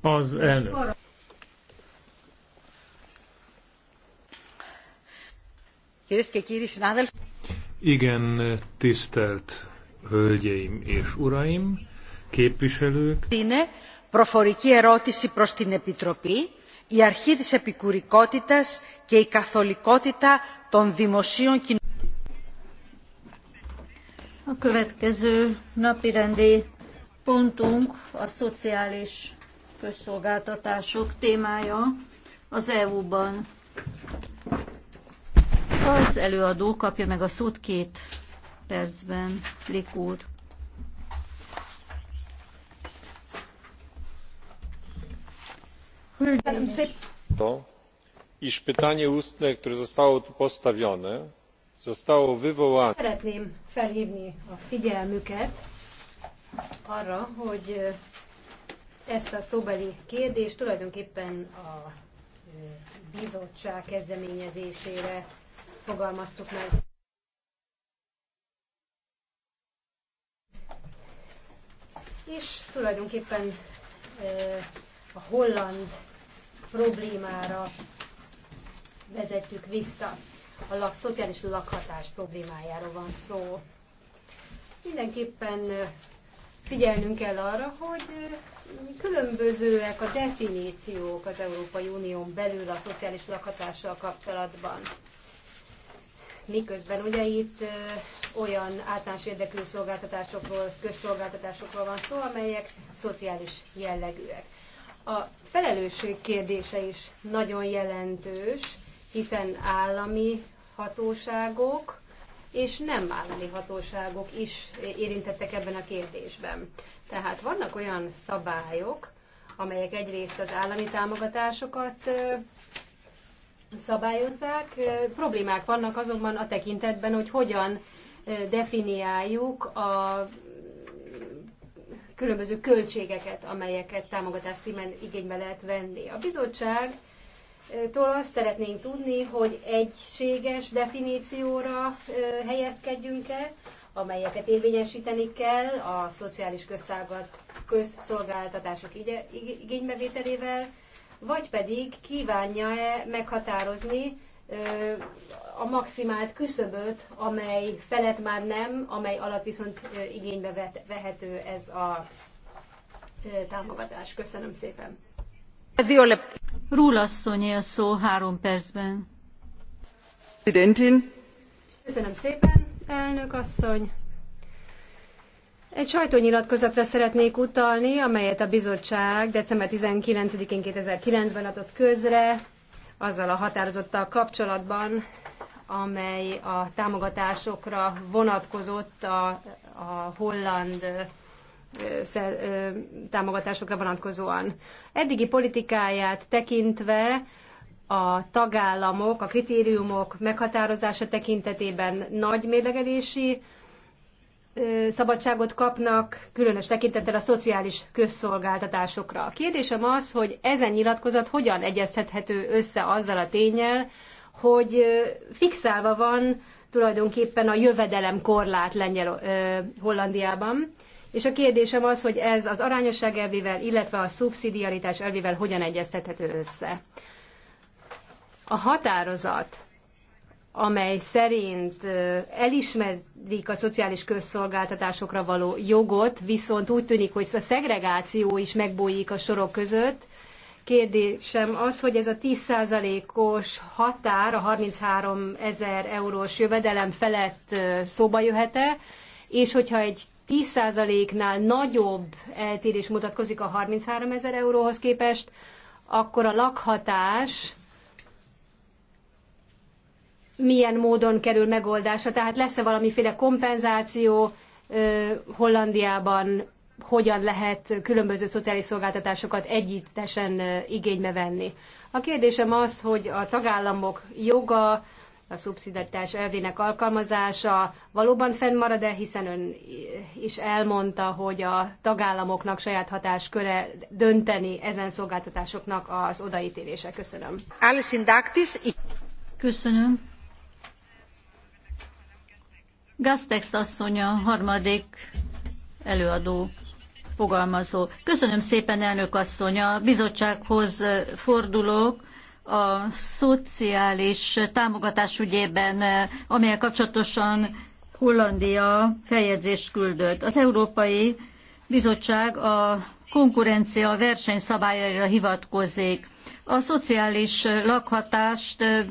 Az elnök. Igen, tisztelt hölgyeim és uraim, képviselők. Είναι προφορική ερώτηση προς την Επιτροπή η αρχή της επικουρικότητας και η καθολικότητα των δημοσίων κοινωνικών. A következő napirendi pontunk a szociális közszolgáltatások témája az EU-ban. Az előadó kapja meg a szót két percben, Lik úr. To, iż pytanie ustne, które zostało tu postawione, zostało wywołane. Szeretném felhívni a figyelmüket arra, hogy ezt a szóbeli kérdést tulajdonképpen a bizottság kezdeményezésére fogalmaztuk meg. És tulajdonképpen a holland problémára vezetjük vissza. A lak, szociális lakhatás problémájáról van szó. Mindenképpen Figyelnünk kell arra, hogy különbözőek a definíciók az Európai Unión belül a szociális lakhatással kapcsolatban. Miközben ugye itt olyan általános érdekű szolgáltatásokról, közszolgáltatásokról van szó, amelyek szociális jellegűek. A felelősség kérdése is nagyon jelentős, hiszen állami hatóságok és nem állami hatóságok is érintettek ebben a kérdésben. Tehát vannak olyan szabályok, amelyek egyrészt az állami támogatásokat szabályozzák. Problémák vannak azonban a tekintetben, hogy hogyan definiáljuk a különböző költségeket, amelyeket támogatás szímen igénybe lehet venni. A bizottság tól azt szeretnénk tudni, hogy egységes definícióra helyezkedjünk el, amelyeket érvényesíteni kell a szociális közszolgáltatások igénybevételével, vagy pedig kívánja-e meghatározni a maximált küszöböt, amely felett már nem, amely alatt viszont igénybe vehető ez a támogatás. Köszönöm szépen szó három percben. Köszönöm szépen, elnök asszony. Egy sajtónyilatkozatra szeretnék utalni, amelyet a bizottság december 19-én 2009-ben adott közre, azzal a határozottal kapcsolatban, amely a támogatásokra vonatkozott a, a holland támogatásokra vonatkozóan. Eddigi politikáját tekintve a tagállamok, a kritériumok meghatározása tekintetében nagy mérlegelési szabadságot kapnak, különös tekintettel a szociális közszolgáltatásokra. A kérdésem az, hogy ezen nyilatkozat hogyan egyeztethető össze azzal a tényel, hogy fixálva van tulajdonképpen a jövedelem korlát Lengyel, Hollandiában, és a kérdésem az, hogy ez az arányosság elvével, illetve a szubszidiaritás elvével hogyan egyeztethető össze. A határozat, amely szerint elismerik a szociális közszolgáltatásokra való jogot, viszont úgy tűnik, hogy a szegregáció is megbújik a sorok között, kérdésem az, hogy ez a 10%-os határ a 33 ezer eurós jövedelem felett szóba jöhet-e, és hogyha egy 10%-nál nagyobb eltérés mutatkozik a 33 ezer euróhoz képest, akkor a lakhatás milyen módon kerül megoldása? Tehát lesz-e valamiféle kompenzáció Hollandiában, hogyan lehet különböző szociális szolgáltatásokat együttesen igénybe venni? A kérdésem az, hogy a tagállamok joga, a szubszidatás elvének alkalmazása valóban fennmarad-e, hiszen ön is elmondta, hogy a tagállamoknak saját hatásköre dönteni ezen szolgáltatásoknak az odaítélése. Köszönöm. Köszönöm. Gaztex, asszony a harmadik előadó fogalmazó. Köszönöm szépen, elnök asszony. A bizottsághoz fordulok a szociális támogatás ügyében, eh, amelyel kapcsolatosan Hollandia feljegyzést küldött. Az Európai Bizottság a konkurencia versenyszabályaira hivatkozik. A szociális lakhatást eh,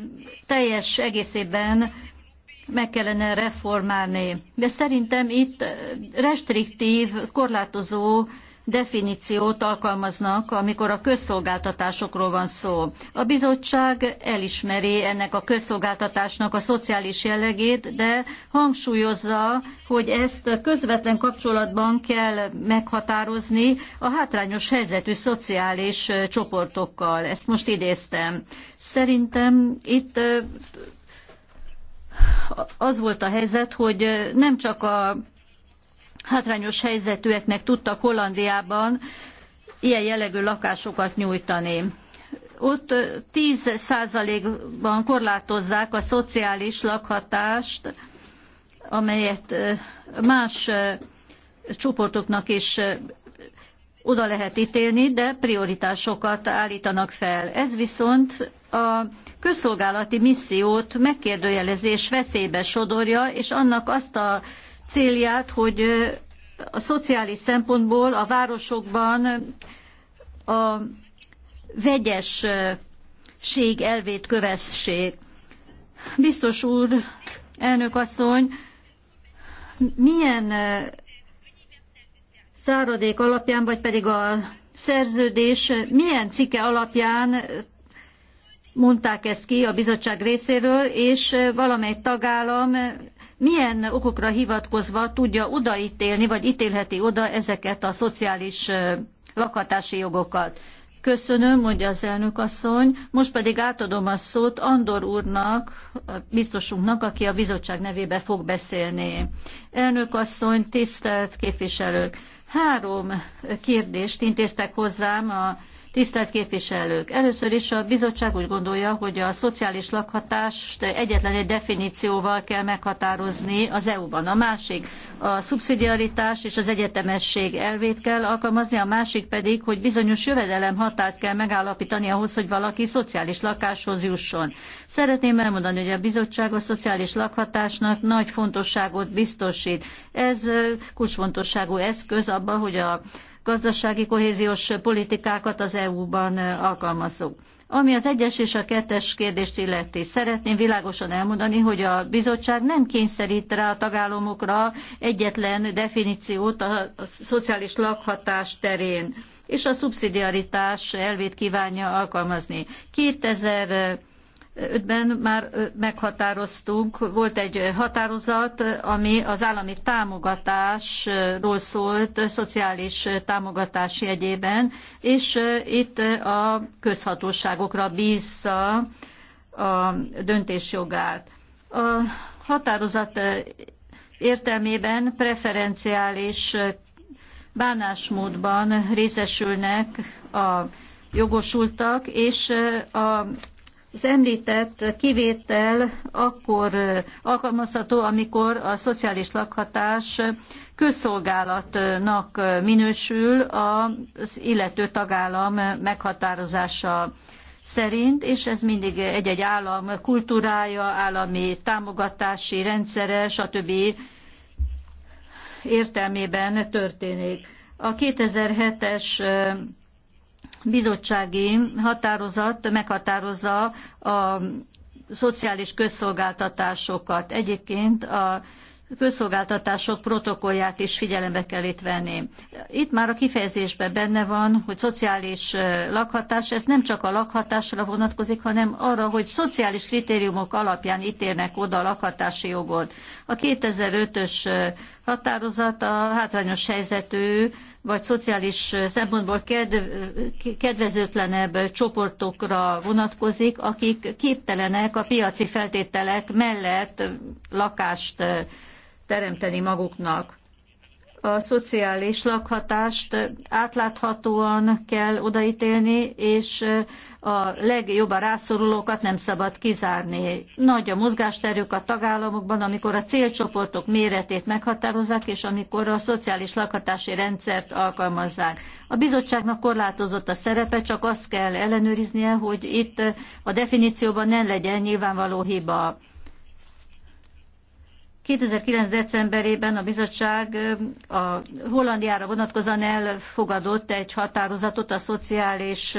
teljes egészében meg kellene reformálni. De szerintem itt eh, restriktív, korlátozó definíciót alkalmaznak, amikor a közszolgáltatásokról van szó. A bizottság elismeri ennek a közszolgáltatásnak a szociális jellegét, de hangsúlyozza, hogy ezt közvetlen kapcsolatban kell meghatározni a hátrányos helyzetű szociális csoportokkal. Ezt most idéztem. Szerintem itt az volt a helyzet, hogy nem csak a hátrányos helyzetűeknek tudtak Hollandiában ilyen jellegű lakásokat nyújtani. Ott 10%-ban korlátozzák a szociális lakhatást, amelyet más csoportoknak is oda lehet ítélni, de prioritásokat állítanak fel. Ez viszont a közszolgálati missziót megkérdőjelezés veszélybe sodorja, és annak azt a célját, hogy a szociális szempontból a városokban a vegyesség elvét kövessék. Biztos úr, elnök asszony, milyen száradék alapján, vagy pedig a szerződés milyen cikke alapján mondták ezt ki a bizottság részéről, és valamely tagállam milyen okokra hivatkozva tudja odaítélni, vagy ítélheti oda ezeket a szociális lakhatási jogokat. Köszönöm, mondja az elnök asszony. Most pedig átadom a szót Andor úrnak, biztosunknak, aki a bizottság nevébe fog beszélni. Elnök asszony, tisztelt képviselők! Három kérdést intéztek hozzám a Tisztelt képviselők! Először is a bizottság úgy gondolja, hogy a szociális lakhatást egyetlen egy definícióval kell meghatározni az EU-ban. A másik a szubszidiaritás és az egyetemesség elvét kell alkalmazni, a másik pedig, hogy bizonyos jövedelem határt kell megállapítani ahhoz, hogy valaki szociális lakáshoz jusson. Szeretném elmondani, hogy a bizottság a szociális lakhatásnak nagy fontosságot biztosít. Ez kulcsfontosságú eszköz abban, hogy a gazdasági kohéziós politikákat az EU-ban alkalmazzuk. Ami az egyes és a kettes kérdést illeti, szeretném világosan elmondani, hogy a bizottság nem kényszerít rá a tagállamokra egyetlen definíciót a szociális lakhatás terén, és a szubszidiaritás elvét kívánja alkalmazni. 2000 ben már meghatároztunk, volt egy határozat, ami az állami támogatásról szólt, szociális támogatás jegyében, és itt a közhatóságokra bízza a döntésjogát. A határozat értelmében preferenciális bánásmódban részesülnek a jogosultak, és a az említett kivétel akkor alkalmazható, amikor a szociális lakhatás közszolgálatnak minősül az illető tagállam meghatározása szerint, és ez mindig egy-egy állam kultúrája, állami támogatási rendszere, stb. értelmében történik. A 2007-es bizottsági határozat meghatározza a szociális közszolgáltatásokat. Egyébként a közszolgáltatások protokollját is figyelembe kell itt venni. Itt már a kifejezésben benne van, hogy szociális lakhatás, ez nem csak a lakhatásra vonatkozik, hanem arra, hogy szociális kritériumok alapján ítélnek oda a lakhatási jogot. A 2005-ös határozat a hátrányos helyzetű vagy szociális szempontból kedvezőtlenebb csoportokra vonatkozik, akik képtelenek a piaci feltételek mellett lakást teremteni maguknak a szociális lakhatást átláthatóan kell odaítélni, és a legjobban rászorulókat nem szabad kizárni. Nagy a mozgásterük a tagállamokban, amikor a célcsoportok méretét meghatározzák, és amikor a szociális lakhatási rendszert alkalmazzák. A bizottságnak korlátozott a szerepe, csak azt kell ellenőriznie, hogy itt a definícióban nem legyen nyilvánvaló hiba 2009. decemberében a bizottság a Hollandiára vonatkozóan elfogadott egy határozatot a szociális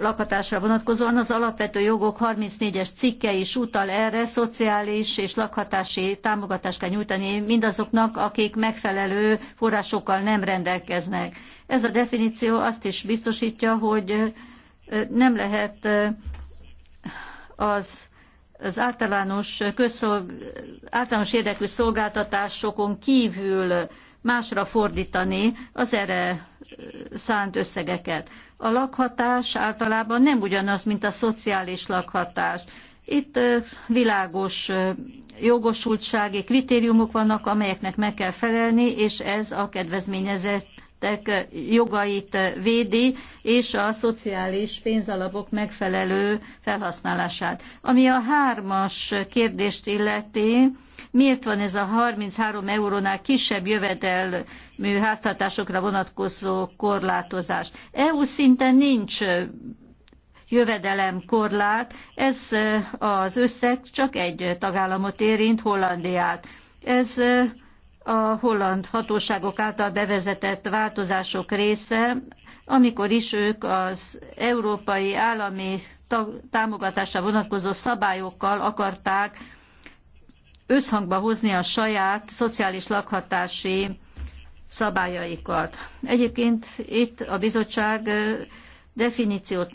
lakhatásra vonatkozóan. Az alapvető jogok 34-es cikke is utal erre, szociális és lakhatási támogatást kell nyújtani mindazoknak, akik megfelelő forrásokkal nem rendelkeznek. Ez a definíció azt is biztosítja, hogy nem lehet az az általános, közszolg, általános érdekű szolgáltatásokon kívül másra fordítani az erre szánt összegeket. A lakhatás általában nem ugyanaz, mint a szociális lakhatás. Itt világos jogosultsági kritériumok vannak, amelyeknek meg kell felelni, és ez a kedvezményezett érintettek jogait védi, és a szociális pénzalapok megfelelő felhasználását. Ami a hármas kérdést illeti, miért van ez a 33 eurónál kisebb jövedelmű háztartásokra vonatkozó korlátozás? EU szinten nincs jövedelemkorlát, ez az összeg csak egy tagállamot érint, Hollandiát. Ez a holland hatóságok által bevezetett változások része, amikor is ők az európai állami támogatásra vonatkozó szabályokkal akarták összhangba hozni a saját szociális lakhatási szabályaikat. Egyébként itt a bizottság definíciót,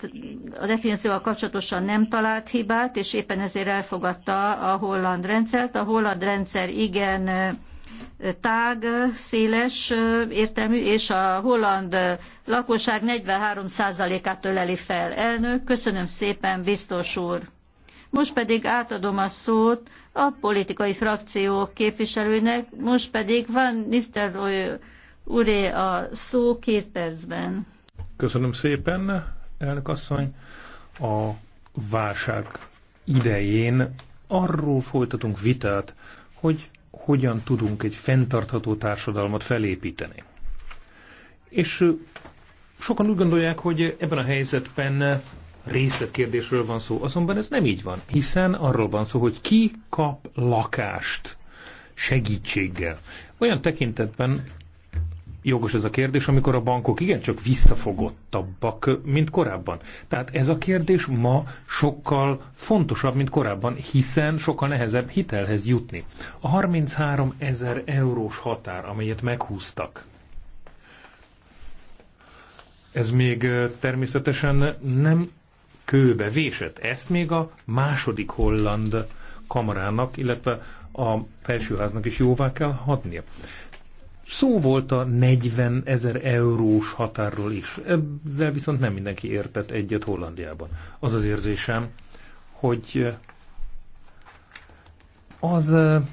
a definícióval kapcsolatosan nem talált hibát, és éppen ezért elfogadta a holland rendszert. A holland rendszer igen tág, széles értelmű, és a holland lakosság 43%-át öleli fel. Elnök, köszönöm szépen, biztos úr. Most pedig átadom a szót a politikai frakciók képviselőinek, most pedig van Nisztelrooy úré a szó két percben. Köszönöm szépen, elnök asszony. A válság idején arról folytatunk vitát, hogy hogyan tudunk egy fenntartható társadalmat felépíteni. És sokan úgy gondolják, hogy ebben a helyzetben részletkérdésről van szó, azonban ez nem így van, hiszen arról van szó, hogy ki kap lakást segítséggel. Olyan tekintetben, jogos ez a kérdés, amikor a bankok igencsak visszafogottabbak, mint korábban. Tehát ez a kérdés ma sokkal fontosabb, mint korábban, hiszen sokkal nehezebb hitelhez jutni. A 33 ezer eurós határ, amelyet meghúztak, ez még természetesen nem kőbe vésett. Ezt még a második holland kamarának, illetve a felsőháznak is jóvá kell hadnia. Szó volt a 40 ezer eurós határról is, ezzel viszont nem mindenki értett egyet Hollandiában. Az az érzésem, hogy eh, az, eh,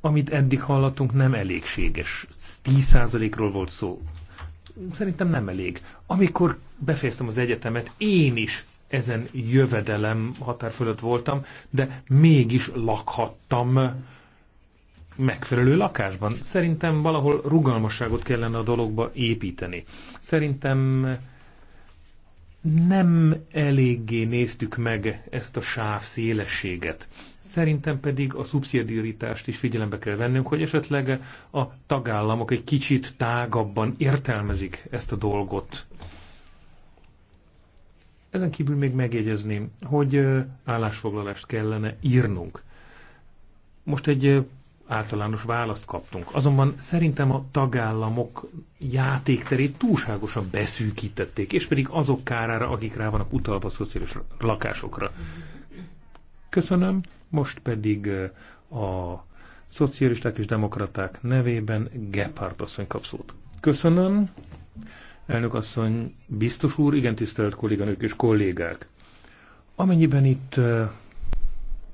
amit eddig hallottunk, nem elégséges. 10%-ról volt szó. Szerintem nem elég. Amikor befejeztem az egyetemet, én is ezen jövedelem határ fölött voltam, de mégis lakhattam megfelelő lakásban. Szerintem valahol rugalmasságot kellene a dologba építeni. Szerintem nem eléggé néztük meg ezt a sáv szélességet. Szerintem pedig a szubszidiaritást is figyelembe kell vennünk, hogy esetleg a tagállamok egy kicsit tágabban értelmezik ezt a dolgot. Ezen kívül még megjegyezném, hogy állásfoglalást kellene írnunk. Most egy általános választ kaptunk. Azonban szerintem a tagállamok játékterét túlságosan beszűkítették, és pedig azok kárára, akik rá vannak utalva a szociális lakásokra. Köszönöm, most pedig eh, a szocialisták és demokraták nevében Gephardt asszony kap szót. Köszönöm, elnök asszony, biztos úr, igen tisztelt kolléganők és kollégák. Amennyiben itt eh,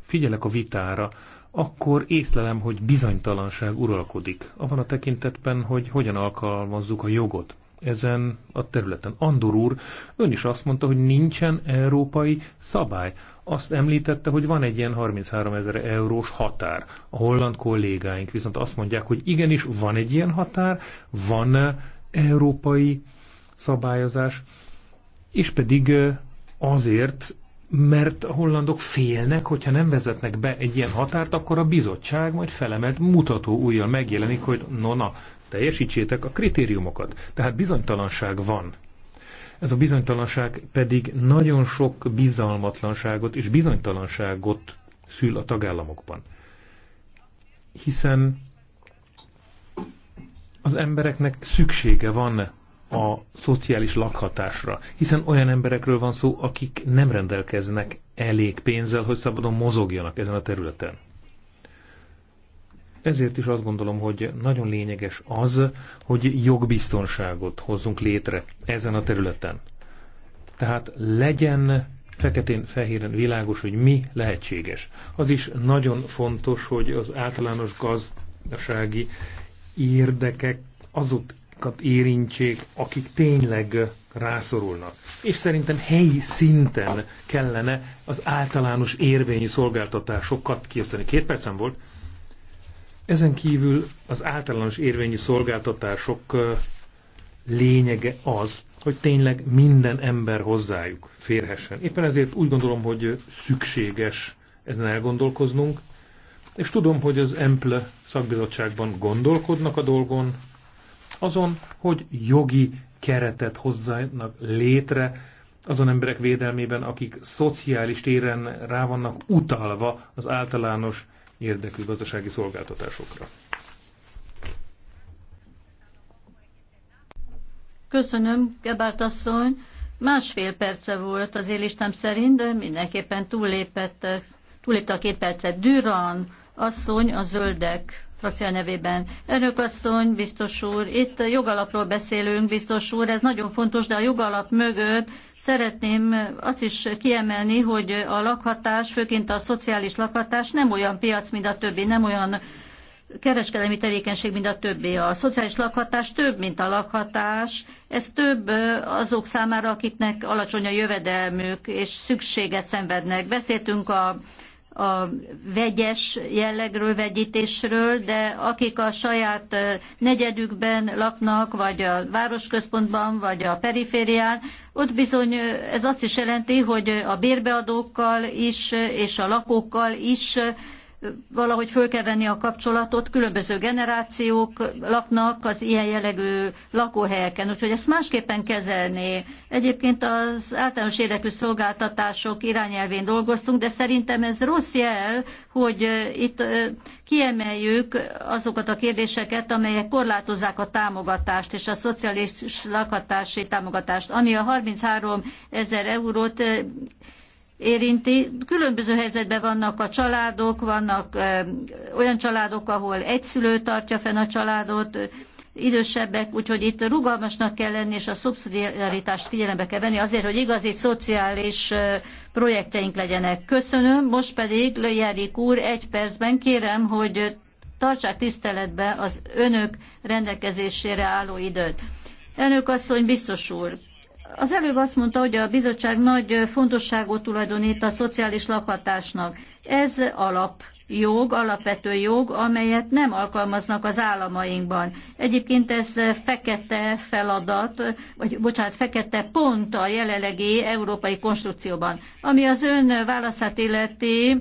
figyelek a vitára, akkor észlelem, hogy bizonytalanság uralkodik, abban a tekintetben, hogy hogyan alkalmazzuk a jogot ezen a területen. Andor úr, ön is azt mondta, hogy nincsen európai szabály. Azt említette, hogy van egy ilyen 33 ezer eurós határ. A holland kollégáink viszont azt mondják, hogy igenis van egy ilyen határ, van európai szabályozás, és pedig azért, mert a hollandok félnek, hogyha nem vezetnek be egy ilyen határt, akkor a bizottság majd felemelt mutató újjal megjelenik, hogy nona, teljesítsétek a kritériumokat. Tehát bizonytalanság van. Ez a bizonytalanság pedig nagyon sok bizalmatlanságot és bizonytalanságot szül a tagállamokban. Hiszen az embereknek szüksége van a szociális lakhatásra, hiszen olyan emberekről van szó, akik nem rendelkeznek elég pénzzel, hogy szabadon mozogjanak ezen a területen. Ezért is azt gondolom, hogy nagyon lényeges az, hogy jogbiztonságot hozzunk létre ezen a területen. Tehát legyen feketén-fehéren világos, hogy mi lehetséges. Az is nagyon fontos, hogy az általános gazdasági érdekek azok azokat érintsék, akik tényleg rászorulnak. És szerintem helyi szinten kellene az általános érvényi szolgáltatásokat kiosztani. Két percem volt. Ezen kívül az általános érvényi szolgáltatások lényege az, hogy tényleg minden ember hozzájuk férhessen. Éppen ezért úgy gondolom, hogy szükséges ezen elgondolkoznunk, és tudom, hogy az EMPLE szakbizottságban gondolkodnak a dolgon, azon, hogy jogi keretet hozzanak létre azon emberek védelmében, akik szociális téren rá vannak utalva az általános érdekű gazdasági szolgáltatásokra. Köszönöm, Gebárt asszony. Másfél perce volt az élistem szerint, de mindenképpen túllépett, túllépte a két percet. Düran asszony a zöldek frakció nevében. Önök asszony, biztos úr, itt jogalapról beszélünk, biztos úr, ez nagyon fontos, de a jogalap mögött szeretném azt is kiemelni, hogy a lakhatás, főként a szociális lakhatás nem olyan piac, mint a többi, nem olyan kereskedelmi tevékenység, mint a többi. A szociális lakhatás több, mint a lakhatás. Ez több azok számára, akiknek alacsony a jövedelmük, és szükséget szenvednek. Beszéltünk a a vegyes jellegről, vegyítésről, de akik a saját negyedükben laknak, vagy a városközpontban, vagy a periférián, ott bizony ez azt is jelenti, hogy a bérbeadókkal is és a lakókkal is valahogy föl kell venni a kapcsolatot, különböző generációk laknak az ilyen jellegű lakóhelyeken, úgyhogy ezt másképpen kezelni. Egyébként az általános érdekű szolgáltatások irányelvén dolgoztunk, de szerintem ez rossz jel, hogy itt kiemeljük azokat a kérdéseket, amelyek korlátozzák a támogatást és a szociális lakhatási támogatást, ami a 33 ezer eurót érinti. Különböző helyzetben vannak a családok, vannak olyan családok, ahol egy szülő tartja fenn a családot, idősebbek, úgyhogy itt rugalmasnak kell lenni, és a szubszidiaritást figyelembe kell venni azért, hogy igazi szociális projektjeink legyenek. Köszönöm, most pedig Löjárik úr egy percben kérem, hogy tartsák tiszteletben az önök rendelkezésére álló időt. Elnök asszony, biztos úr, az előbb azt mondta, hogy a bizottság nagy fontosságot tulajdonít a szociális lakhatásnak. Ez alap jog, alapvető jog, amelyet nem alkalmaznak az államainkban. Egyébként ez fekete feladat, vagy bocsánat, fekete pont a jelenlegi európai konstrukcióban. Ami az ön válaszát illeti,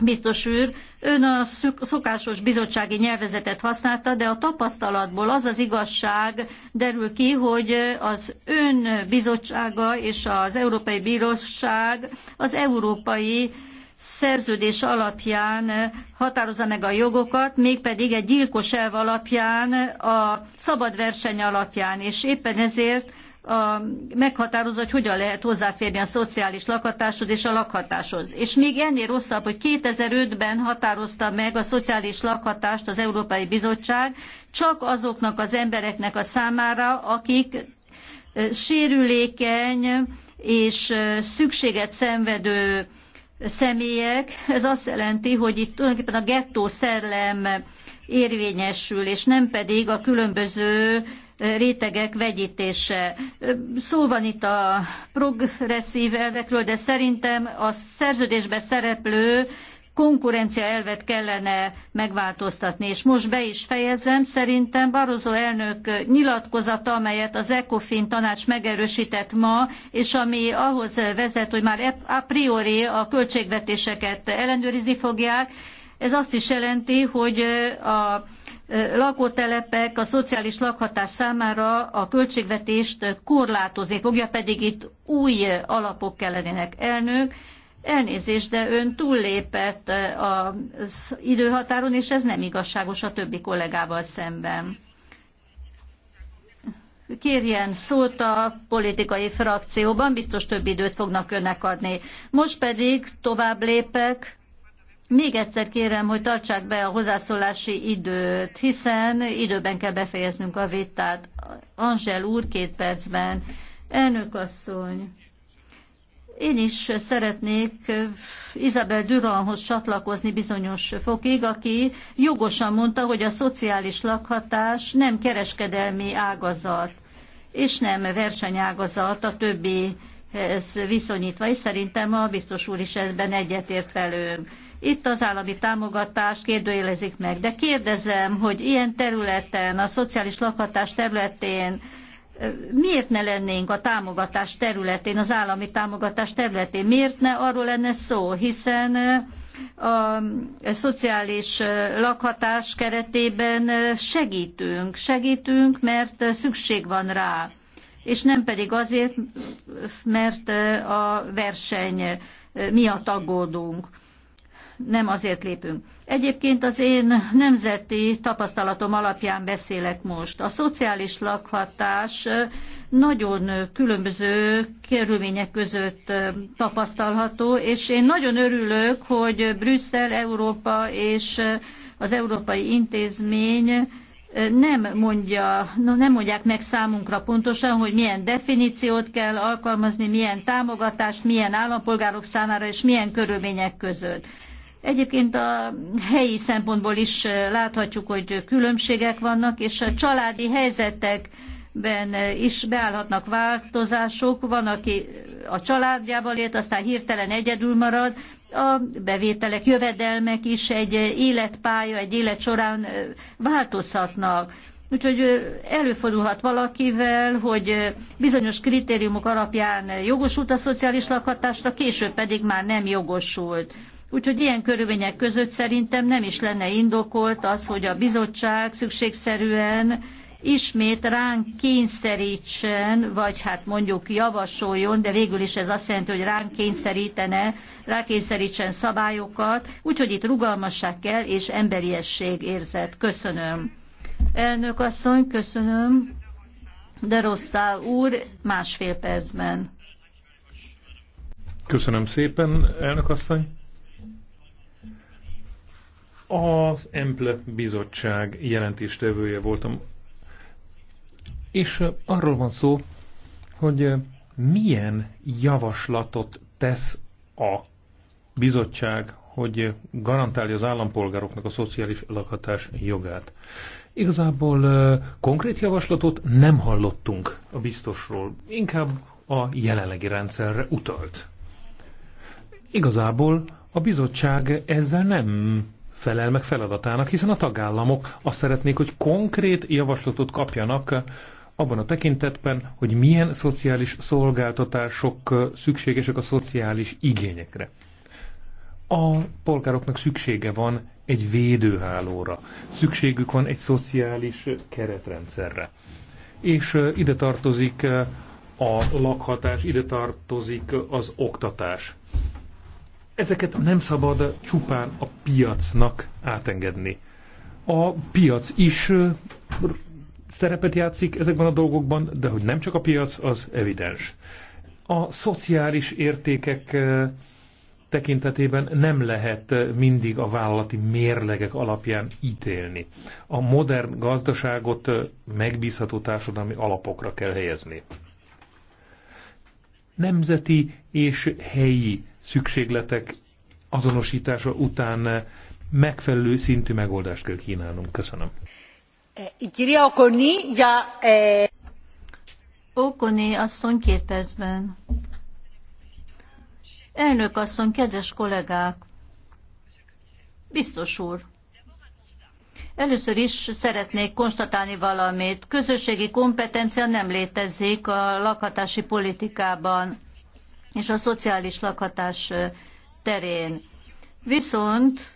Biztos úr, ön a szokásos bizottsági nyelvezetet használta, de a tapasztalatból az az igazság derül ki, hogy az ön bizottsága és az Európai Bíróság az európai szerződés alapján határozza meg a jogokat, mégpedig egy gyilkos elv alapján, a szabad verseny alapján, és éppen ezért a, meghatározza, hogy hogyan lehet hozzáférni a szociális lakhatáshoz és a lakhatáshoz. És még ennél rosszabb, hogy 2005-ben határozta meg a szociális lakhatást az Európai Bizottság csak azoknak az embereknek a számára, akik sérülékeny és szükséget szenvedő személyek. Ez azt jelenti, hogy itt tulajdonképpen a gettó szellem érvényesül, és nem pedig a különböző rétegek vegyítése. Szó van itt a progresszív elvekről, de szerintem a szerződésbe szereplő konkurencia elvet kellene megváltoztatni. És most be is fejezem, szerintem Barozó elnök nyilatkozata, amelyet az ECOFIN tanács megerősített ma, és ami ahhoz vezet, hogy már a priori a költségvetéseket ellenőrizni fogják, ez azt is jelenti, hogy a lakótelepek a szociális lakhatás számára a költségvetést korlátozni fogja, pedig itt új alapok kellenének. Elnök, elnézést, de ön túllépett az időhatáron, és ez nem igazságos a többi kollégával szemben. Kérjen szót a politikai frakcióban, biztos több időt fognak önnek adni. Most pedig tovább lépek még egyszer kérem, hogy tartsák be a hozzászólási időt, hiszen időben kell befejeznünk a vitát. Angel úr két percben. Elnök asszony, én is szeretnék Isabel Duranhoz csatlakozni bizonyos fokig, aki jogosan mondta, hogy a szociális lakhatás nem kereskedelmi ágazat, és nem versenyágazat a többi viszonyítva, és szerintem a biztos úr is ebben egyetért velünk itt az állami támogatást kérdőjelezik meg. De kérdezem, hogy ilyen területen, a szociális lakhatás területén miért ne lennénk a támogatás területén, az állami támogatás területén? Miért ne arról lenne szó? Hiszen a szociális lakhatás keretében segítünk. Segítünk, mert szükség van rá, és nem pedig azért, mert a verseny miatt aggódunk nem azért lépünk. Egyébként az én nemzeti tapasztalatom alapján beszélek most. A szociális lakhatás nagyon különböző körülmények között tapasztalható, és én nagyon örülök, hogy Brüsszel, Európa és az Európai Intézmény nem, mondja, nem mondják meg számunkra pontosan, hogy milyen definíciót kell alkalmazni, milyen támogatást, milyen állampolgárok számára és milyen körülmények között. Egyébként a helyi szempontból is láthatjuk, hogy különbségek vannak, és a családi helyzetekben is beállhatnak változások. Van, aki a családjával élt, aztán hirtelen egyedül marad. A bevételek, jövedelmek is egy életpálya, egy élet során változhatnak. Úgyhogy előfordulhat valakivel, hogy bizonyos kritériumok alapján jogosult a szociális lakhatásra, később pedig már nem jogosult. Úgyhogy ilyen körülmények között szerintem nem is lenne indokolt az, hogy a bizottság szükségszerűen ismét ránk kényszerítsen, vagy hát mondjuk javasoljon, de végül is ez azt jelenti, hogy ránk kényszerítene, rákényszerítsen szabályokat, úgyhogy itt rugalmasság kell és emberiesség érzet. Köszönöm. Elnök asszony, köszönöm. De rosszá úr, másfél percben. Köszönöm szépen, elnök asszony. Az Emple Bizottság jelentéstevője voltam. És arról van szó, hogy milyen javaslatot tesz a bizottság, hogy garantálja az állampolgároknak a szociális lakhatás jogát. Igazából konkrét javaslatot nem hallottunk a biztosról, inkább a jelenlegi rendszerre utalt. Igazából a bizottság ezzel nem felel meg feladatának, hiszen a tagállamok azt szeretnék, hogy konkrét javaslatot kapjanak abban a tekintetben, hogy milyen szociális szolgáltatások szükségesek a szociális igényekre. A polgároknak szüksége van egy védőhálóra, szükségük van egy szociális keretrendszerre. És ide tartozik a lakhatás, ide tartozik az oktatás ezeket nem szabad csupán a piacnak átengedni. A piac is szerepet játszik ezekben a dolgokban, de hogy nem csak a piac, az evidens. A szociális értékek tekintetében nem lehet mindig a vállalati mérlegek alapján ítélni. A modern gazdaságot megbízható társadalmi alapokra kell helyezni. Nemzeti és helyi szükségletek azonosítása után megfelelő szintű megoldást kell kínálnunk. Köszönöm. Eh, okoné, eh, asszony két percben. Elnök asszony, kedves kollégák! Biztos úr! Először is szeretnék konstatálni valamit. Közösségi kompetencia nem létezik a lakhatási politikában és a szociális lakhatás terén. Viszont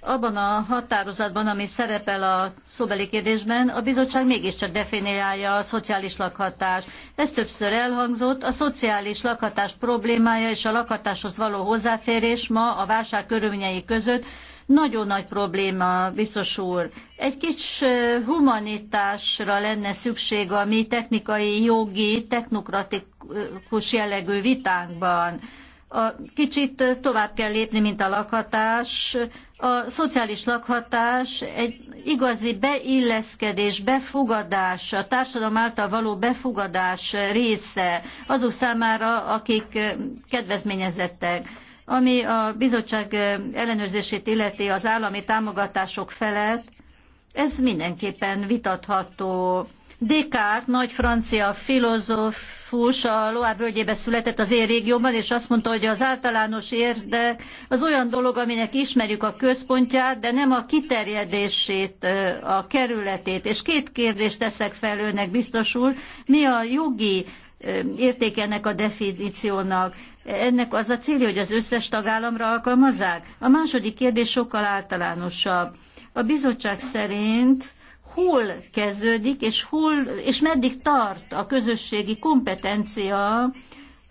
abban a határozatban, ami szerepel a szóbeli kérdésben, a bizottság mégiscsak definiálja a szociális lakhatás. Ez többször elhangzott, a szociális lakhatás problémája és a lakhatáshoz való hozzáférés ma a válság körülményei között nagyon nagy probléma, biztos úr. Egy kis humanitásra lenne szükség a mi technikai, jogi, technokratikus jellegű vitánkban. A kicsit tovább kell lépni, mint a lakhatás. A szociális lakhatás egy igazi beilleszkedés, befogadás, a társadalom által való befogadás része azok számára, akik kedvezményezettek ami a bizottság ellenőrzését illeti az állami támogatások felett, ez mindenképpen vitatható. Descartes, nagy francia filozófus, a Loire völgyébe született az én régióban, és azt mondta, hogy az általános érde az olyan dolog, aminek ismerjük a központját, de nem a kiterjedését, a kerületét. És két kérdést teszek fel önnek, biztosul, Mi a jogi érték ennek a definíciónak ennek az a célja, hogy az összes tagállamra alkalmazzák? A második kérdés sokkal általánosabb. A bizottság szerint hol kezdődik, és, hol, és meddig tart a közösségi kompetencia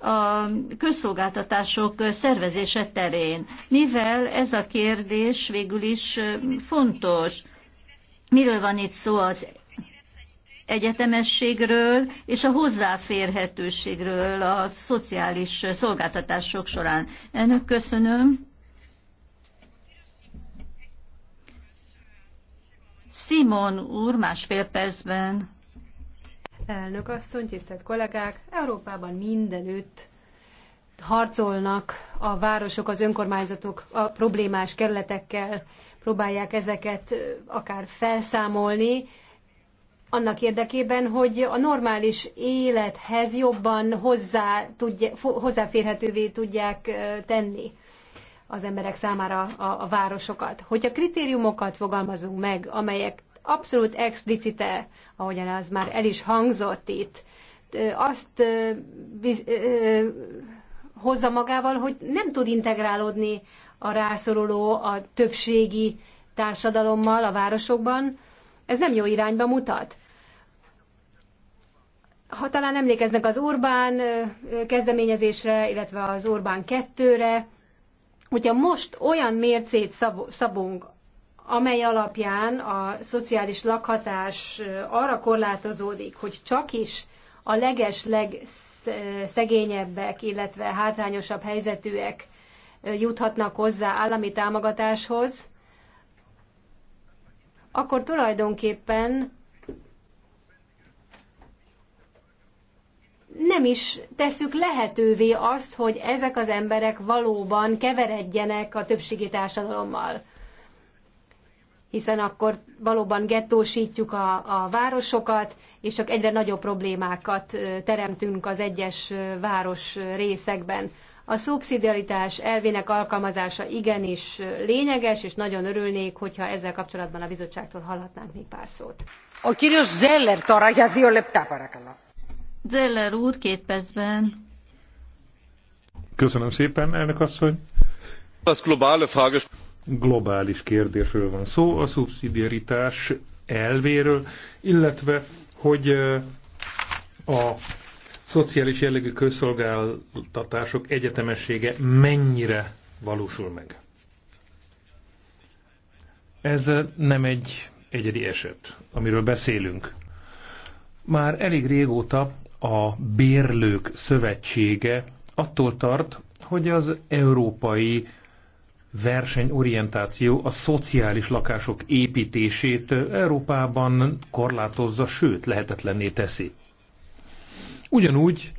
a közszolgáltatások szervezése terén. Mivel ez a kérdés végül is fontos, miről van itt szó az egyetemességről és a hozzáférhetőségről a szociális szolgáltatások során. Önök köszönöm. Simon úr másfél percben. Elnök asszony, tisztelt kollégák, Európában mindenütt harcolnak a városok, az önkormányzatok a problémás kerületekkel, próbálják ezeket akár felszámolni, annak érdekében, hogy a normális élethez jobban hozzá tudja, hozzáférhetővé tudják tenni az emberek számára a, a városokat. Hogyha kritériumokat fogalmazunk meg, amelyek abszolút explicite, ahogyan az már el is hangzott itt, azt biz, hozza magával, hogy nem tud integrálódni a rászoruló, a többségi társadalommal a városokban, ez nem jó irányba mutat. Ha talán emlékeznek az Orbán kezdeményezésre, illetve az Orbán kettőre, hogyha most olyan mércét szabunk, amely alapján a szociális lakhatás arra korlátozódik, hogy csak is a leges legszegényebbek, illetve hátrányosabb helyzetűek juthatnak hozzá állami támogatáshoz, akkor tulajdonképpen nem is tesszük lehetővé azt, hogy ezek az emberek valóban keveredjenek a többségi társadalommal. Hiszen akkor valóban gettósítjuk a, a városokat, és csak egyre nagyobb problémákat teremtünk az egyes város részekben. A szubszidiaritás elvének alkalmazása igenis lényeges, és nagyon örülnék, hogyha ezzel kapcsolatban a bizottságtól hallhatnánk még pár szót. A kínos Zeller tarra, ja, dio leptá, parakala. Zeller úr, két percben. Köszönöm szépen, elnök asszony. Az globális frage. Globális kérdésről van szó, a szubszidiaritás elvéről, illetve hogy a szociális jellegű közszolgáltatások egyetemessége mennyire valósul meg. Ez nem egy egyedi eset, amiről beszélünk. Már elég régóta a Bérlők Szövetsége attól tart, hogy az európai versenyorientáció a szociális lakások építését Európában korlátozza, sőt lehetetlenné teszi. Ugyanúgy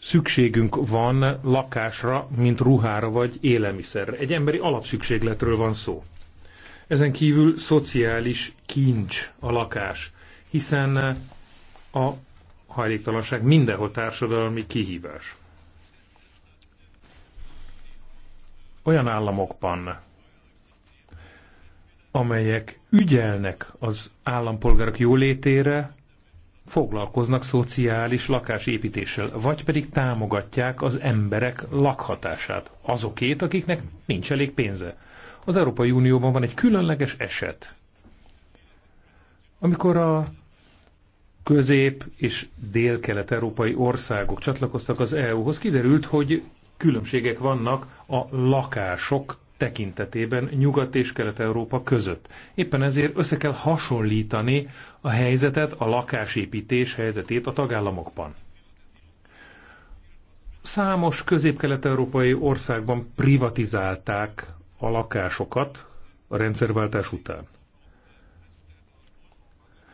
szükségünk van lakásra, mint ruhára vagy élelmiszerre. Egy emberi alapszükségletről van szó. Ezen kívül szociális kincs a lakás, hiszen a hajléktalanság mindenhol társadalmi kihívás. Olyan államokban, amelyek ügyelnek az állampolgárok jólétére, foglalkoznak szociális lakásépítéssel, vagy pedig támogatják az emberek lakhatását, azokét, akiknek nincs elég pénze. Az Európai Unióban van egy különleges eset, amikor a közép- és dél-kelet-európai országok csatlakoztak az EU-hoz, kiderült, hogy különbségek vannak a lakások tekintetében Nyugat és Kelet-Európa között. Éppen ezért össze kell hasonlítani a helyzetet, a lakásépítés helyzetét a tagállamokban. Számos közép-kelet-európai országban privatizálták a lakásokat a rendszerváltás után.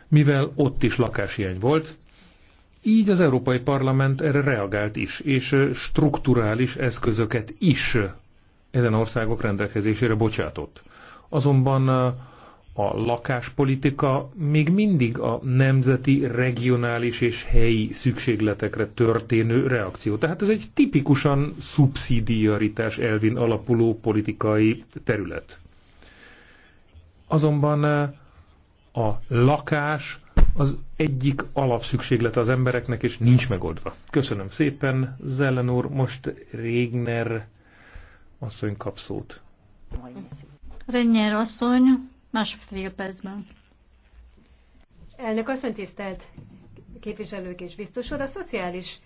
Mivel ott is lakáshiány volt, így az Európai Parlament erre reagált is, és strukturális eszközöket is ezen országok rendelkezésére bocsátott. Azonban eh, a lakáspolitika még mindig a nemzeti, regionális és helyi szükségletekre történő reakció. Tehát ez egy tipikusan szubszidiaritás elvin alapuló politikai terület. Azonban eh, a lakás az egyik alapszükséglete az embereknek, és nincs megoldva. Köszönöm szépen, Zellen úr, most Régner asszony kap szót. Rennyer asszony, másfél percben. Elnök asszony, tisztelt képviselők és biztos a szociális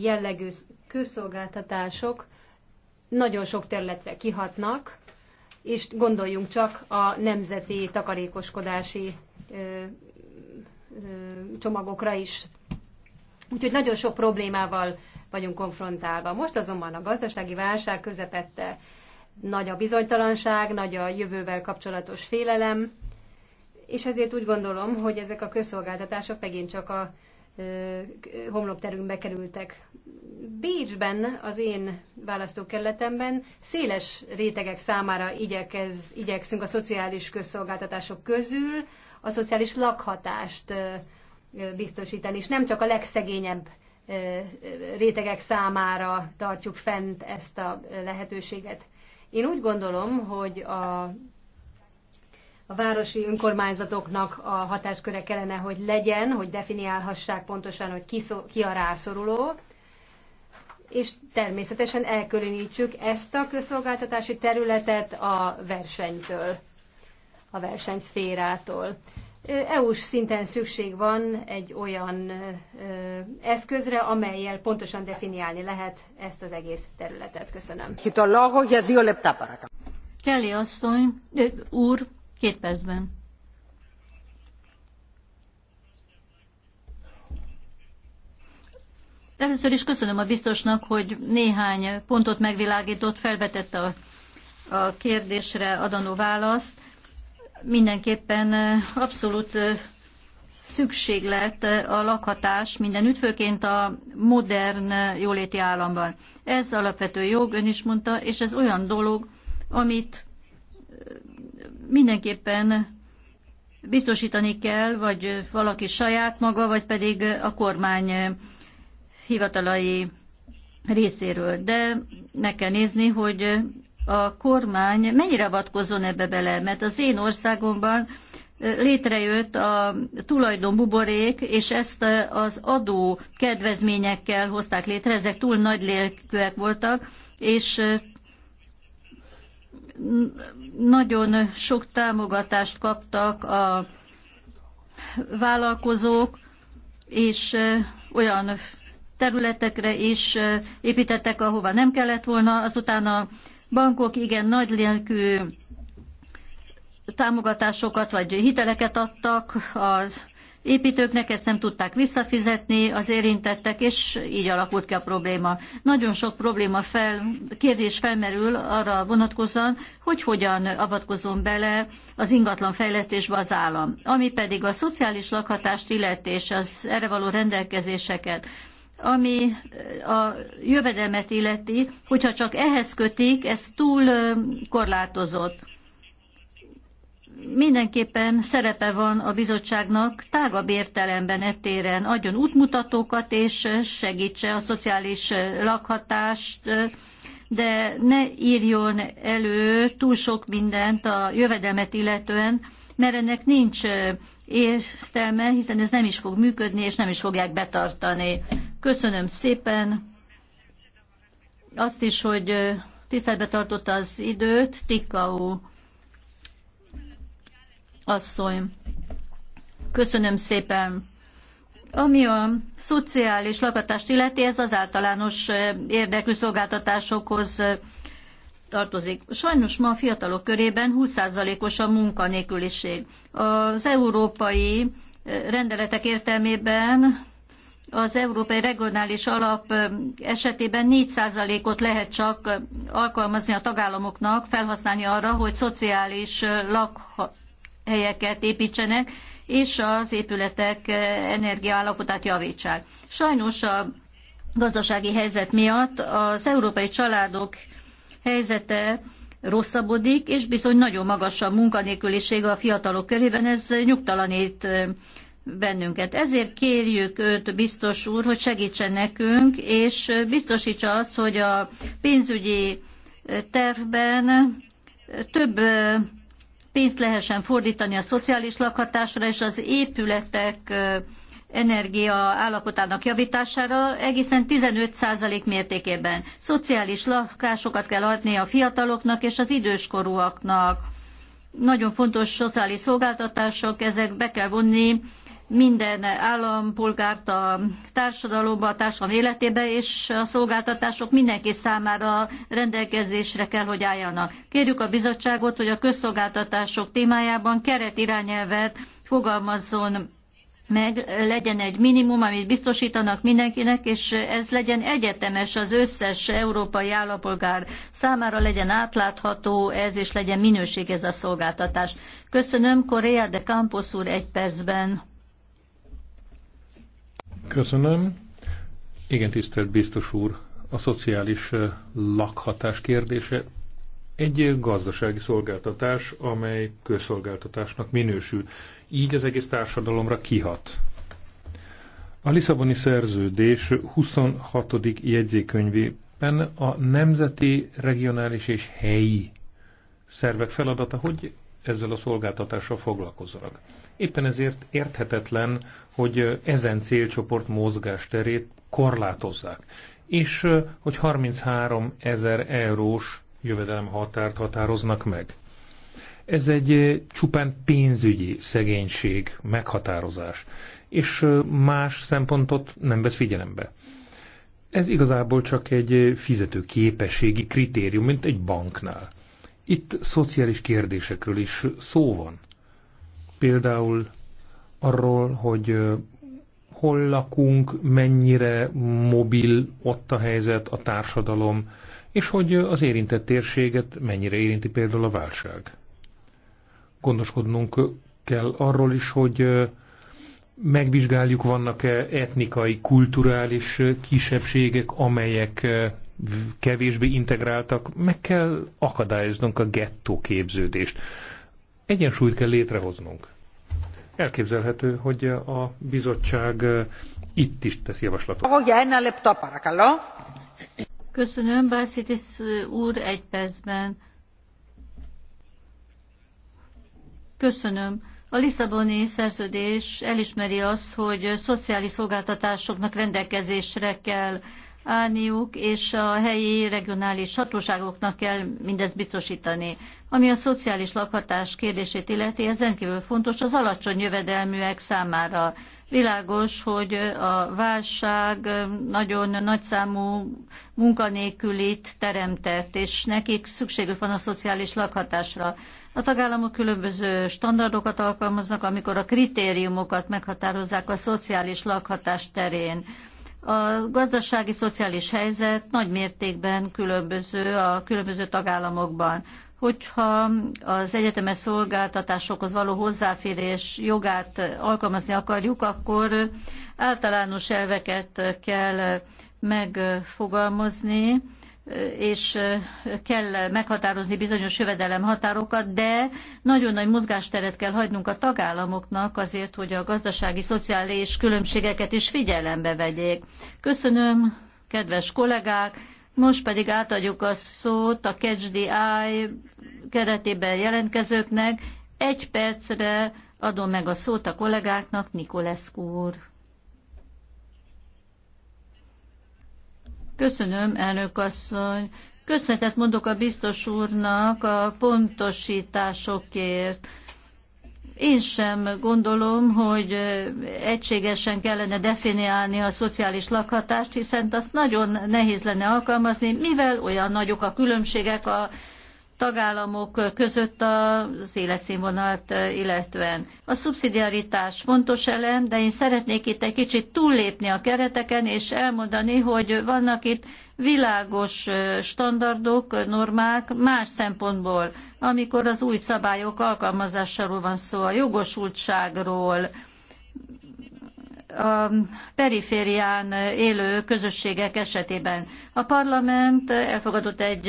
jellegű közszolgáltatások nagyon sok területre kihatnak, és gondoljunk csak a nemzeti takarékoskodási csomagokra is. Úgyhogy nagyon sok problémával vagyunk konfrontálva. Most azonban a gazdasági válság közepette nagy a bizonytalanság, nagy a jövővel kapcsolatos félelem, és ezért úgy gondolom, hogy ezek a közszolgáltatások megint csak a homlokterünkbe kerültek. Bécsben, az én választókerületemben széles rétegek számára igyekez, igyekszünk a szociális közszolgáltatások közül a szociális lakhatást biztosítani, és nem csak a legszegényebb rétegek számára tartjuk fent ezt a lehetőséget. Én úgy gondolom, hogy a, a városi önkormányzatoknak a hatásköre kellene, hogy legyen, hogy definiálhassák pontosan, hogy ki, szó, ki a rászoruló, és természetesen elkülönítsük ezt a közszolgáltatási területet a versenytől, a versenyszférától. EU-s szinten szükség van egy olyan eszközre, amelyel pontosan definiálni lehet ezt az egész területet. Köszönöm. Kelly asszony, úr, két percben. Először is köszönöm a biztosnak, hogy néhány pontot megvilágított, felvetette a, a kérdésre adanó választ mindenképpen abszolút szükséglet a lakhatás mindenütt, főként a modern jóléti államban. Ez alapvető jog, ön is mondta, és ez olyan dolog, amit mindenképpen biztosítani kell, vagy valaki saját maga, vagy pedig a kormány hivatalai részéről. De meg kell nézni, hogy a kormány mennyire avatkozzon ebbe bele, mert az én országomban létrejött a tulajdonbuborék, és ezt az adó kedvezményekkel hozták létre, ezek túl nagy lélkűek voltak, és nagyon sok támogatást kaptak a vállalkozók, és olyan területekre is építettek, ahova nem kellett volna, azután a bankok igen nagy lelkű támogatásokat vagy hiteleket adtak az építőknek, ezt nem tudták visszafizetni az érintettek, és így alakult ki a probléma. Nagyon sok probléma fel, kérdés felmerül arra vonatkozóan, hogy hogyan avatkozom bele az ingatlan fejlesztésbe az állam. Ami pedig a szociális lakhatást illeti és az erre való rendelkezéseket, ami a jövedelmet illeti, hogyha csak ehhez kötik, ez túl korlátozott. Mindenképpen szerepe van a bizottságnak tágabb értelemben ettéren adjon útmutatókat és segítse a szociális lakhatást, de ne írjon elő túl sok mindent a jövedelmet illetően, mert ennek nincs értelme, hiszen ez nem is fog működni, és nem is fogják betartani. Köszönöm szépen azt is, hogy tiszteletbe tartotta az időt, Tikau asszony. Köszönöm szépen. Ami a szociális lakatást illeti, ez az általános érdekű szolgáltatásokhoz tartozik. Sajnos ma a fiatalok körében 20%-os a munkanélküliség. Az európai rendeletek értelmében az Európai Regionális Alap esetében 4%-ot lehet csak alkalmazni a tagállamoknak, felhasználni arra, hogy szociális lakhelyeket építsenek, és az épületek energiaállapotát javítsák. Sajnos a gazdasági helyzet miatt az európai családok helyzete rosszabbodik, és bizony nagyon magas a munkanélküliség a fiatalok körében, ez nyugtalanít bennünket. Ezért kérjük őt, biztos úr, hogy segítsen nekünk, és biztosítsa azt, hogy a pénzügyi tervben több pénzt lehessen fordítani a szociális lakhatásra és az épületek energia állapotának javítására egészen 15% mértékében. Szociális lakásokat kell adni a fiataloknak és az időskorúaknak. Nagyon fontos szociális szolgáltatások, ezek be kell vonni minden állampolgárt a társadalomba, a társadalom életébe, és a szolgáltatások mindenki számára rendelkezésre kell, hogy álljanak. Kérjük a bizottságot, hogy a közszolgáltatások témájában keretirányelvet fogalmazzon meg legyen egy minimum, amit biztosítanak mindenkinek, és ez legyen egyetemes az összes európai állapolgár számára, legyen átlátható ez, és legyen minőség ez a szolgáltatás. Köszönöm, Korea de Campos úr egy percben. Köszönöm. Igen, tisztelt biztos úr, a szociális lakhatás kérdése egy gazdasági szolgáltatás, amely közszolgáltatásnak minősül. Így az egész társadalomra kihat. A Lisszaboni szerződés 26. jegyzékönyvében a nemzeti, regionális és helyi szervek feladata, hogy ezzel a szolgáltatással foglalkozzanak. Éppen ezért érthetetlen, hogy ezen célcsoport mozgásterét korlátozzák, és hogy 33 ezer eurós jövedelem határt határoznak meg. Ez egy csupán pénzügyi szegénység meghatározás, és más szempontot nem vesz figyelembe. Ez igazából csak egy fizető képességi kritérium, mint egy banknál. Itt szociális kérdésekről is szó van például arról, hogy hol lakunk, mennyire mobil ott a helyzet, a társadalom, és hogy az érintett térséget mennyire érinti például a válság. Gondoskodnunk kell arról is, hogy megvizsgáljuk, vannak-e etnikai, kulturális kisebbségek, amelyek kevésbé integráltak, meg kell akadályoznunk a gettó képződést. Egyensúlyt kell létrehoznunk. Elképzelhető, hogy a bizottság eh, itt is tesz javaslatot. Köszönöm, Bászitis úr, egy percben. Köszönöm. A Lisszaboni szerződés elismeri azt, hogy szociális szolgáltatásoknak rendelkezésre kell állniuk, és a helyi regionális hatóságoknak kell mindezt biztosítani. Ami a szociális lakhatás kérdését illeti, ez rendkívül fontos az alacsony jövedelműek számára. Világos, hogy a válság nagyon nagyszámú munkanélkülit teremtett, és nekik szükségük van a szociális lakhatásra. A tagállamok különböző standardokat alkalmaznak, amikor a kritériumokat meghatározzák a szociális lakhatás terén a gazdasági szociális helyzet nagy mértékben különböző a különböző tagállamokban. Hogyha az egyetemes szolgáltatásokhoz való hozzáférés jogát alkalmazni akarjuk, akkor általános elveket kell megfogalmazni, és kell meghatározni bizonyos jövedelem határokat, de nagyon nagy mozgásteret kell hagynunk a tagállamoknak azért, hogy a gazdasági, szociális különbségeket is figyelembe vegyék. Köszönöm, kedves kollégák! Most pedig átadjuk a szót a CatchDI keretében jelentkezőknek. Egy percre adom meg a szót a kollégáknak, Nikolesz úr. Köszönöm, elnök asszony. Köszönetet mondok a biztos úrnak a pontosításokért. Én sem gondolom, hogy egységesen kellene definiálni a szociális lakhatást, hiszen azt nagyon nehéz lenne alkalmazni, mivel olyan nagyok a különbségek a tagállamok között az életszínvonalt illetően. A szubszidiaritás fontos elem, de én szeretnék itt egy kicsit túllépni a kereteken, és elmondani, hogy vannak itt világos standardok, normák más szempontból, amikor az új szabályok alkalmazásáról van szó, a jogosultságról, a periférián élő közösségek esetében. A parlament elfogadott egy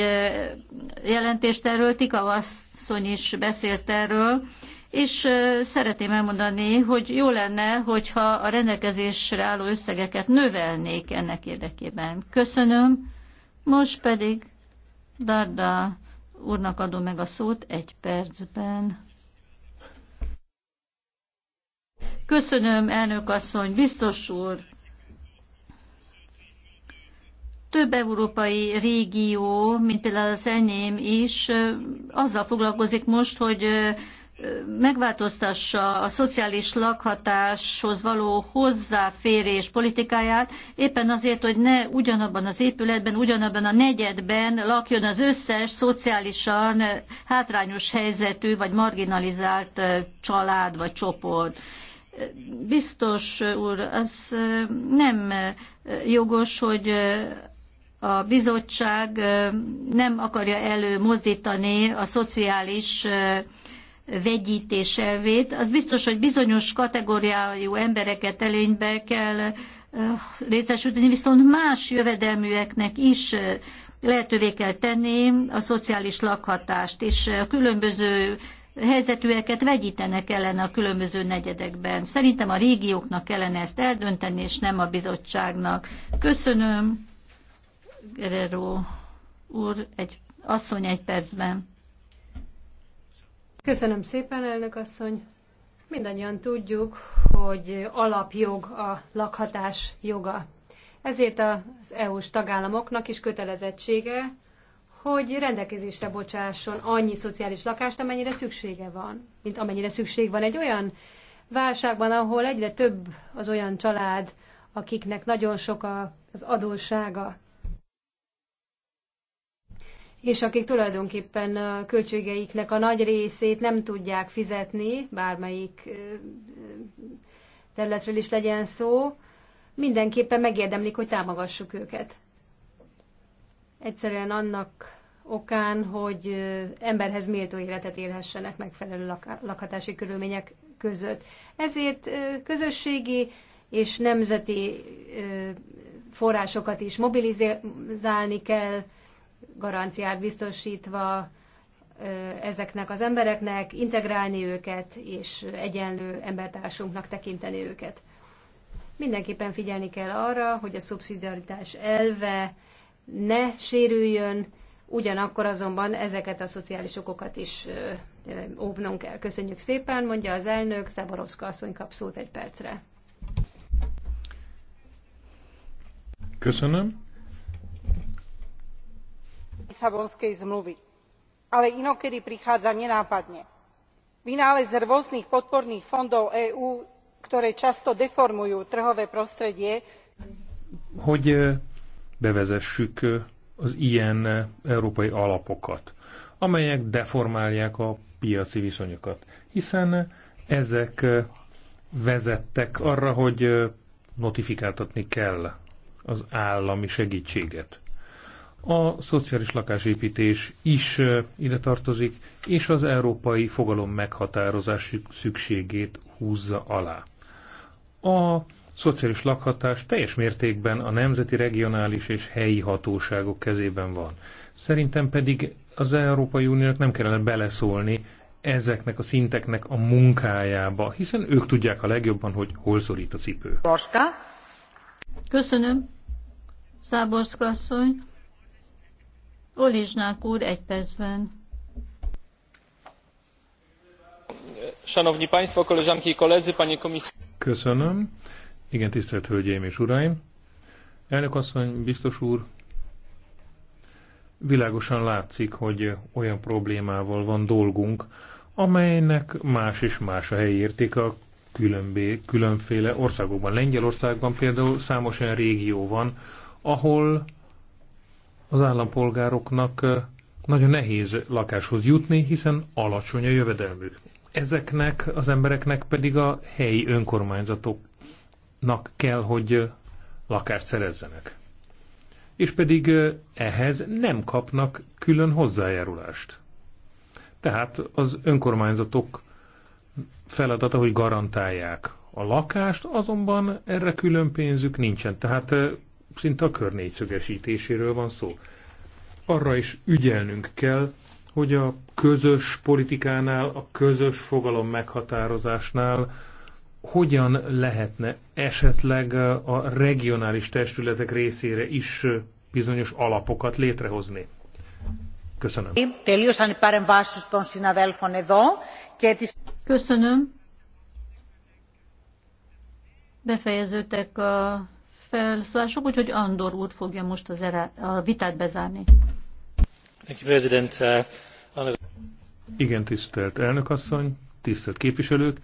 jelentést erről, Tika asszony is beszélt erről, és szeretném elmondani, hogy jó lenne, hogyha a rendelkezésre álló összegeket növelnék ennek érdekében. Köszönöm, most pedig Darda úrnak adom meg a szót egy percben. Köszönöm, elnök asszony, biztos úr. Több európai régió, mint például az enyém is, azzal foglalkozik most, hogy megváltoztassa a szociális lakhatáshoz való hozzáférés politikáját, éppen azért, hogy ne ugyanabban az épületben, ugyanabban a negyedben lakjon az összes szociálisan hátrányos helyzetű vagy marginalizált család vagy csoport. Biztos úr, az nem jogos, hogy a bizottság nem akarja előmozdítani a szociális vegyítés elvét. Az biztos, hogy bizonyos kategóriájú embereket előnybe kell részesülni, viszont más jövedelműeknek is lehetővé kell tenni a szociális lakhatást, és a különböző helyzetűeket vegyítenek ellen a különböző negyedekben. Szerintem a régióknak kellene ezt eldönteni, és nem a bizottságnak. Köszönöm, Guerrero úr, egy asszony egy percben. Köszönöm szépen, elnök asszony. Mindannyian tudjuk, hogy alapjog a lakhatás joga. Ezért az EU-s tagállamoknak is kötelezettsége, hogy rendelkezésre bocsásson annyi szociális lakást, amennyire szüksége van, mint amennyire szükség van egy olyan válságban, ahol egyre több az olyan család, akiknek nagyon sok az adóssága, és akik tulajdonképpen a költségeiknek a nagy részét nem tudják fizetni, bármelyik területről is legyen szó, mindenképpen megérdemlik, hogy támogassuk őket. Egyszerűen annak okán, hogy emberhez méltó életet élhessenek megfelelő lak- lakhatási körülmények között. Ezért közösségi és nemzeti forrásokat is mobilizálni kell, garanciát biztosítva ezeknek az embereknek, integrálni őket, és egyenlő embertársunknak tekinteni őket. Mindenképpen figyelni kell arra, hogy a szubszidiaritás elve ne sérüljön, Ugyanakkor azonban ezeket a szociális okokat is óvnunk kell. Köszönjük szépen, mondja az elnök, Szaborovszka asszony kap szót egy percre. Köszönöm. Lisszabonskej zmluvi. Ale inokedy prichádza nenápadne. Vynález rôznych podporných fondov EÚ, ktoré často deformujú trhové prostredie. Hogy bevezessük az ilyen eh, európai alapokat, amelyek deformálják a piaci viszonyokat. Hiszen eh, ezek eh, vezettek arra, hogy notifikáltatni kell az állami segítséget. A szociális lakásépítés is ide tartozik, és az európai fogalom meghatározás szükségét húzza alá. A szociális lakhatás teljes mértékben a nemzeti, regionális és helyi hatóságok kezében van. Szerintem pedig az Európai Uniónak nem kellene beleszólni ezeknek a szinteknek a munkájába, hiszen ők tudják a legjobban, hogy hol szorít a cipő. Borska. Köszönöm, Száborszka asszony. Olizsnák úr, egy percben. Szanowni Państwo, koleżanki i koledzy, panie komisarzu. Köszönöm. Igen, tisztelt Hölgyeim és Uraim! Elnök asszony, biztos úr, világosan látszik, hogy olyan problémával van dolgunk, amelynek más és más a helyi értéke a különbé, különféle országokban. Lengyelországban például számos olyan régió van, ahol az állampolgároknak nagyon nehéz lakáshoz jutni, hiszen alacsony a jövedelmük. Ezeknek az embereknek pedig a helyi önkormányzatok nak kell, hogy lakást szerezzenek. És pedig ehhez nem kapnak külön hozzájárulást. Tehát az önkormányzatok feladata, hogy garantálják a lakást, azonban erre külön pénzük nincsen. Tehát szinte a kör négyszögesítéséről van szó. Arra is ügyelnünk kell, hogy a közös politikánál, a közös fogalom meghatározásnál hogyan lehetne esetleg a regionális testületek részére is bizonyos alapokat létrehozni. Köszönöm. Köszönöm. Befejeződtek a felszólások, úgyhogy Andor úr fogja most az erá, a vitát bezárni. Uh, Igen, tisztelt elnök asszony, tisztelt képviselők.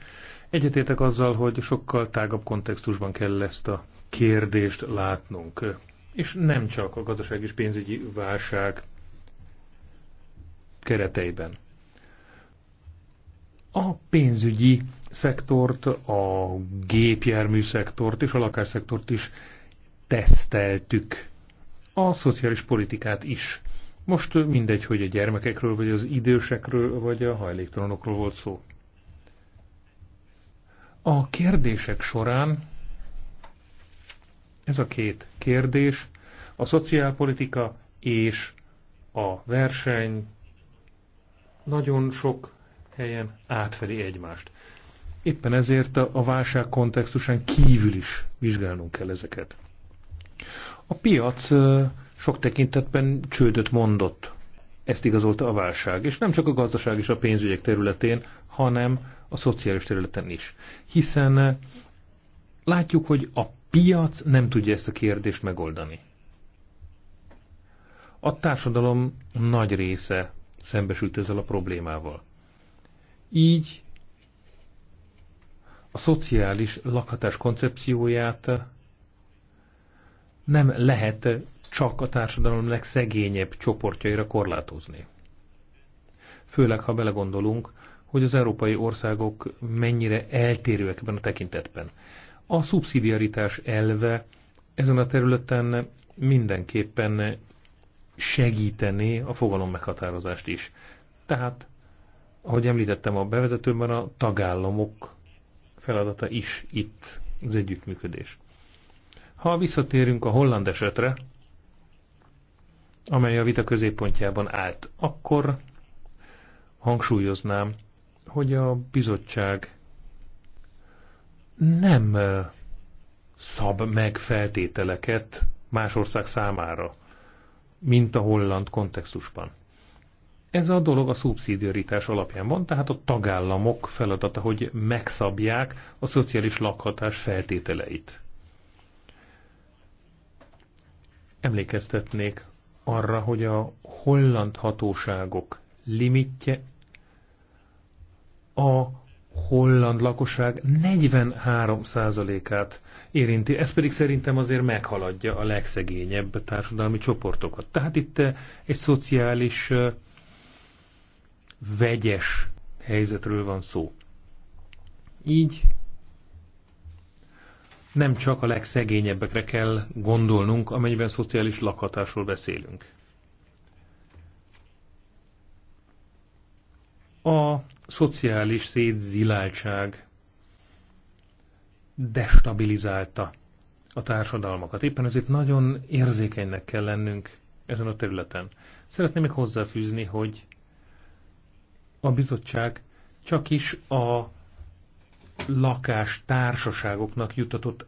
Egyetétek azzal, hogy sokkal tágabb kontextusban kell ezt a kérdést látnunk. És nem csak a gazdaság és pénzügyi válság kereteiben. A pénzügyi szektort, a gépjármű szektort és a lakásszektort is teszteltük. A szociális politikát is. Most mindegy, hogy a gyermekekről, vagy az idősekről, vagy a hajléktalanokról volt szó. A kérdések során ez a két kérdés, a szociálpolitika és a verseny nagyon sok helyen átfedi egymást. Éppen ezért a válság kontextusán kívül is vizsgálnunk kell ezeket. A piac sok tekintetben csődöt mondott. Ezt igazolta a válság, és nem csak a gazdaság és a pénzügyek területén, hanem a szociális területen is. Hiszen eh, látjuk, hogy a piac nem tudja ezt a kérdést megoldani. A társadalom nagy része szembesült ezzel a problémával. Így a szociális lakhatás koncepcióját eh, nem lehet csak a társadalom legszegényebb csoportjaira korlátozni. Főleg, ha belegondolunk, hogy az európai országok mennyire eltérőek ebben a tekintetben. A szubszidiaritás elve ezen a területen mindenképpen segítené a fogalom meghatározást is. Tehát, ahogy említettem a bevezetőben, a tagállamok feladata is itt az együttműködés. Ha visszatérünk a holland esetre, amely a vita középpontjában állt, akkor hangsúlyoznám, hogy a bizottság nem szab meg feltételeket más ország számára, mint a holland kontextusban. Ez a dolog a szubszidiaritás alapján van, tehát a tagállamok feladata, hogy megszabják a szociális lakhatás feltételeit. Emlékeztetnék arra, hogy a holland hatóságok limitje a holland lakosság 43%-át érinti, ez pedig szerintem azért meghaladja a legszegényebb társadalmi csoportokat. Tehát itt eh, egy szociális eh, vegyes helyzetről van szó. Így nem csak a legszegényebbekre kell gondolnunk, amennyiben szociális lakhatásról beszélünk. a szociális szétziláltság destabilizálta a társadalmakat. Éppen ezért nagyon érzékenynek kell lennünk ezen a területen. Szeretném még hozzáfűzni, hogy a bizottság csak is a lakás társaságoknak jutatott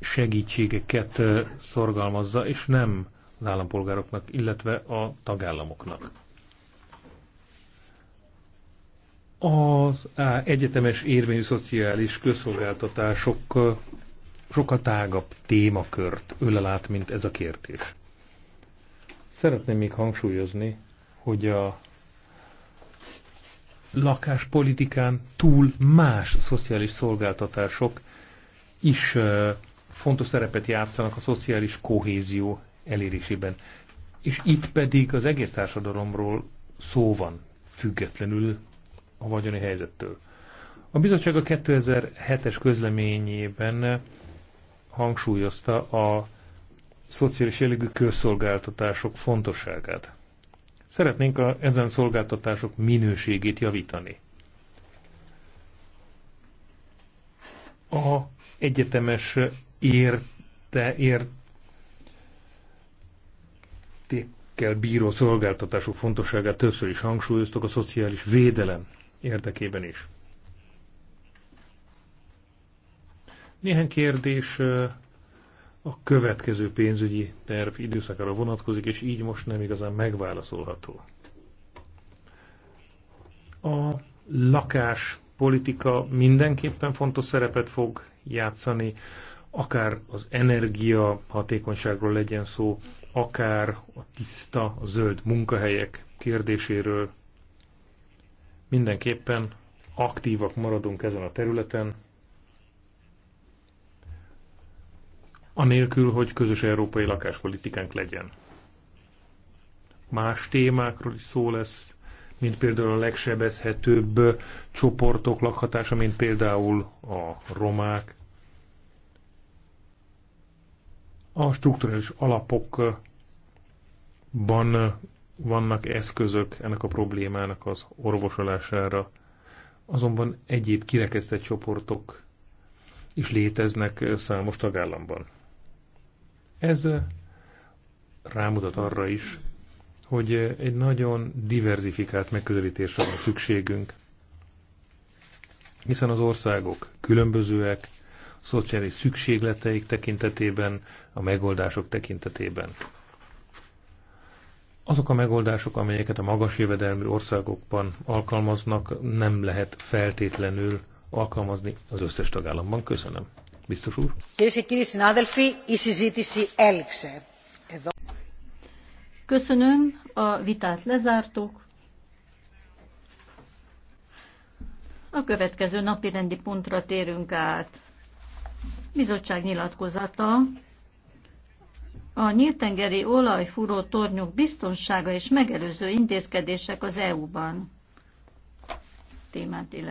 segítségeket szorgalmazza, és nem az állampolgároknak, illetve a tagállamoknak. az egyetemes érvényű szociális közszolgáltatások sokkal tágabb témakört ölel át, mint ez a kérdés. Szeretném még hangsúlyozni, hogy a lakáspolitikán túl más szociális szolgáltatások is fontos szerepet játszanak a szociális kohézió elérésében. És itt pedig az egész társadalomról szó van, függetlenül a vagyoni helyzettől. A bizottság a 2007-es közleményében hangsúlyozta a szociális jellegű közszolgáltatások fontosságát. Szeretnénk a, ezen szolgáltatások minőségét javítani. A egyetemes érte, értékkel bíró szolgáltatások fontosságát többször is hangsúlyoztak a szociális védelem érdekében is. Néhány kérdés a következő pénzügyi terv időszakára vonatkozik, és így most nem igazán megválaszolható. A lakás politika mindenképpen fontos szerepet fog játszani, akár az energia hatékonyságról legyen szó, akár a tiszta, a zöld munkahelyek kérdéséről. Mindenképpen aktívak maradunk ezen a területen, anélkül, hogy közös európai lakáspolitikánk legyen. Más témákról is szó lesz, mint például a legsebezhetőbb csoportok lakhatása, mint például a romák. A strukturális alapokban vannak eszközök ennek a problémának az orvosolására, azonban egyéb kirekesztett csoportok is léteznek számos tagállamban. Ez rámutat arra is, hogy egy nagyon diverzifikált megközelítésre van szükségünk, hiszen az országok különbözőek, szociális szükségleteik tekintetében, a megoldások tekintetében. Azok a megoldások, amelyeket a magas jövedelmű országokban alkalmaznak, nem lehet feltétlenül alkalmazni az összes tagállamban. Köszönöm. Biztos úr. Köszönöm, a vitát lezártuk. A következő napi rendi pontra térünk át. Bizottság nyilatkozata a nyíltengeri olajfúró tornyok biztonsága és megelőző intézkedések az EU-ban témát illetően.